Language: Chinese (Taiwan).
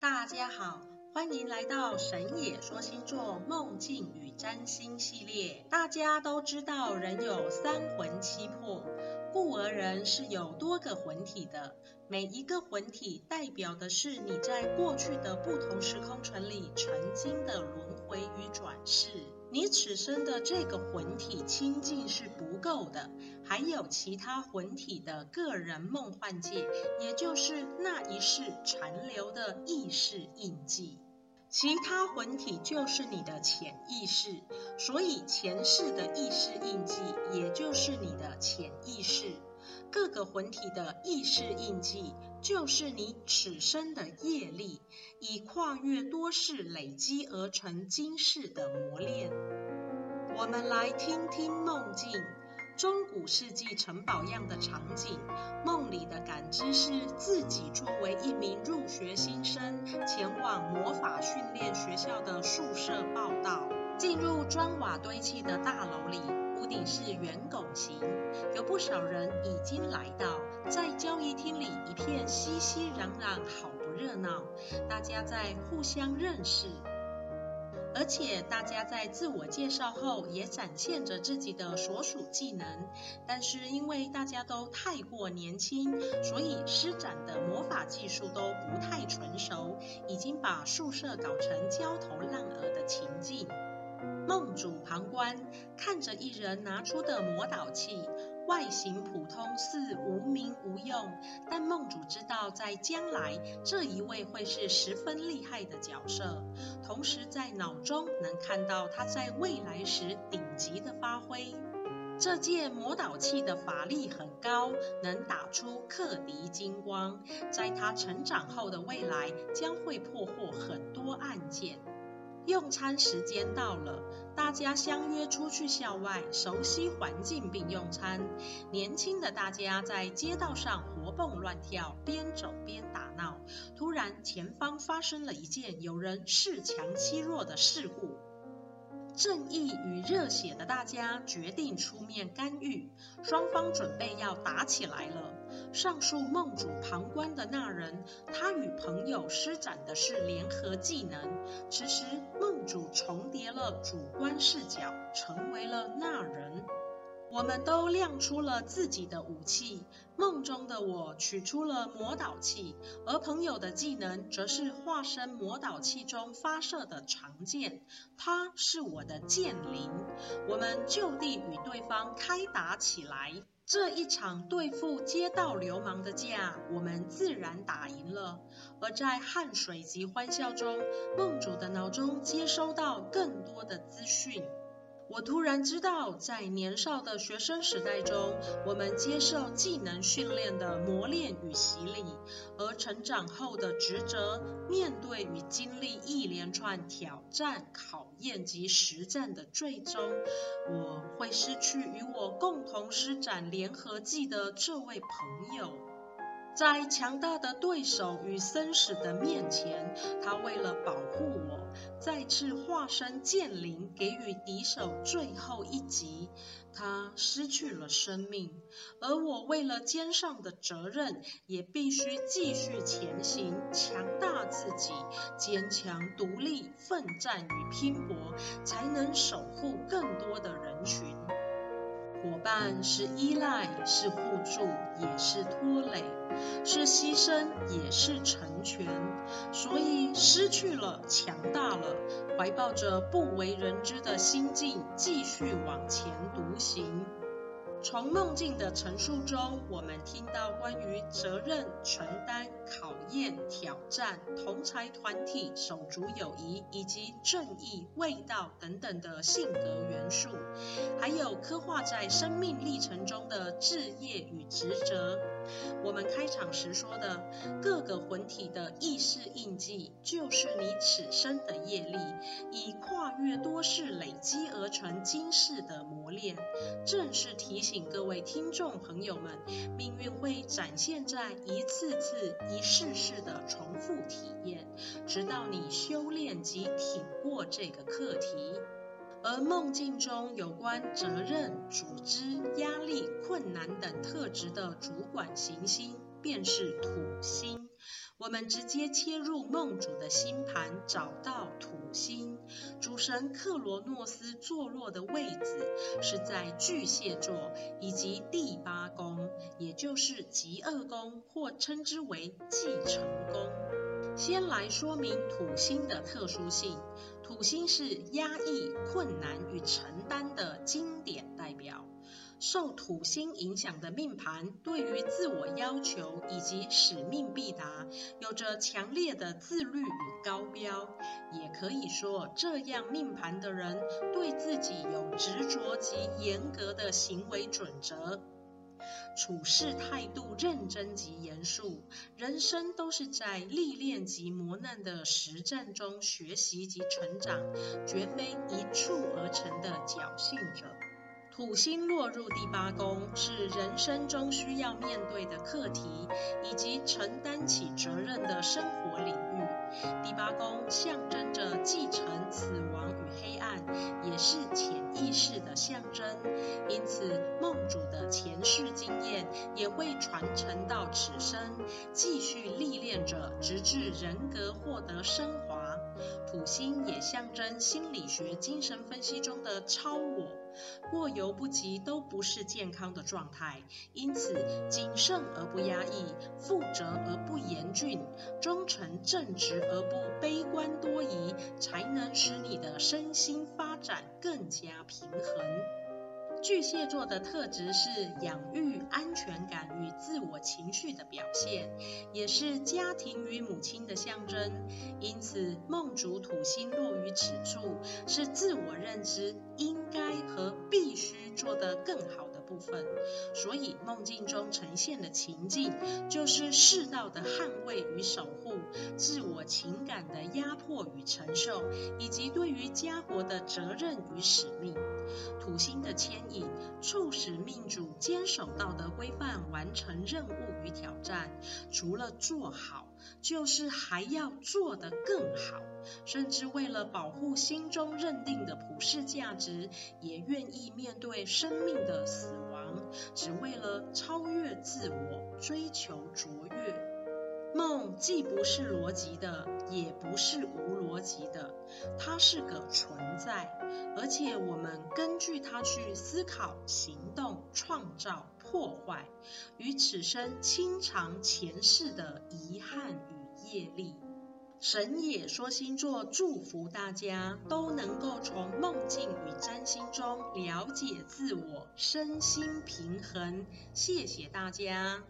大家好，歡迎來到神野說星座、夢境與占星系列。大家都知道人有三魂七魄，故而人是有多個魂體的。每一個魂體代表的是你在過去的不同時空城裡曾經的輪迴與轉世。你此生的這個魂體清淨是不夠的，還有其他魂體的個人夢幻界，也就是那一世殘留的意識印記。其他魂體就是你的潛意識，所以前世的意識印記，也就是你的潛意識，各個魂體的意識印記，就是你此生的業力，以跨越多世累積而成今世的磨練。我們來聽聽夢境，中古世紀城堡樣的場景。夢裡的感知是自己作為一名入學新生，前往魔法訓練學校的宿舍報到，進入磚瓦堆砌的大樓裡。屋頂是圓拱形，有不少人已經來到，在交易廳裡一片熙熙攘攘，好不熱鬧。大家在互相認識，而且大家在自我介紹後也展現着自己的所屬技能。但是因為大家都太過年輕，所以施展的魔法技術都不太純熟，已經把宿舍搞成焦頭爛額的情境。夢主旁觀，看着一人拿出的魔導器，外形普通，似無名無用，但夢主知道在，在將來這一位會是十分厲害的角色，同時在腦中能看到他在未來時頂級的發揮。這件魔導器的法力很高，能打出克敵金光，在他成長後的未來，將會破獲很多案件。用餐時間到了，大家相約出去校外熟悉環境並用餐。年輕的大家在街道上活蹦亂跳，邊走邊打鬧。突然，前方發生了一件有人恃強欺弱的事故。正義與熱血的大家決定出面干預，雙方準備要打起來了。上述夢主旁觀的那人，他與朋友施展的是聯合技能。此時，主重疊了主觀視角，成為了那人。我們都亮出了自己的武器，夢中的我取出了魔導器，而朋友的技能則是化身魔導器中發射的長劍，他是我的劍靈。我們就地與對方開打起來。這一場對付街道流氓的架，我們自然打贏了。而在汗水及歡笑中，夢主的腦中接收到更多的資訊。我突然知道，在年少的學生時代中，我們接受技能訓練的磨練與洗禮，而成長後的職責，面對與經歷一連串挑戰、考驗及實戰的最終，我會失去與我共同施展聯合技的這位朋友。在強大的對手與生死的面前，他為了保護我，再次化身劍靈，給予敵手最後一擊。他失去了生命，而我為了肩上的責任，也必須繼續前行，強大自己，堅強獨立，奮戰與拼搏，才能守護更多的人群。夥伴是依賴，是互助，也是拖累，是犧牲，也是成全。所以失去了，強大了，懷抱着不為人知的心境，繼續往前獨行。從夢境的陳述中，我們聽到關於責任、承擔、考驗、挑戰、同儕團體、手足友誼以及正義、味道等等的性格元素，還有刻畫在生命歷程中的志業與職責。我們開場時說的各個魂體的意識印記，就是你此生的業力，以跨越多世累積而成今世的磨練，正是提醒各位聽眾朋友們，命運會展現在一次次、一世世的重複體驗，直到你修煉及挺過這個課題。而夢境中有關責任、組織、壓力、困難等特質的主管行星，便是土星。我們直接切入夢主的星盤，找到土星主神克羅諾斯坐落的位置，是在巨蟹座以及第八宮，也就是疾厄宮，或稱之為繼承宮。先來說明土星的特殊性。土星是壓抑、困難與承擔的經典代表。受土星影響的命盤，對於自我要求以及使命必達，有着強烈的自律與高標。也可以說，這樣命盤的人，對自己有執着及嚴格的行為準則。處事態度認真及嚴肅，人生都是在歷練及磨難的實戰中學習及成長，絕非一蹴而成的僥倖者。土星落入第八宮，是人生中需要面對的課題，以及承擔起責任的生活領域。第八宮象徵着繼承、死亡與黑暗，也是潛意識的象徵。因此，夢主的前世經驗也會傳承到此生，繼續歷練着，直至人格獲得昇華。土星也象徵心理學、精神分析中的超我。過猶不及都不是健康的狀態，因此謹慎而不壓抑，負責而不。忠誠正直而不悲觀多疑，才能使你的身心發展更加平衡。巨蟹座的特質是養育安全感與自我情緒的表現，也是家庭與母親的象徵。因此，夢主土星落於此處，是自我認知應該和必須做得更好。部分，所以夢境中呈現的情境，就是世道的捍衛與守護，自我情感的壓迫與承受，以及對於家國的責任與使命。土星的牽引，促使命主堅守道德規範，完成任務與挑戰，除了做好，就是還要做得更好，甚至為了保護心中認定的普世價值，也願意面對生命的死亡，只為了超越自我，追求卓越。夢既不是邏輯的，也不是無邏輯的，它是個存在，而且我們根據它去思考、行動、創造、破壞，與此生清償前世的遺憾與業力。神野說星座祝福大家都能夠從夢境與占星中了解自我、身心平衡。謝謝大家。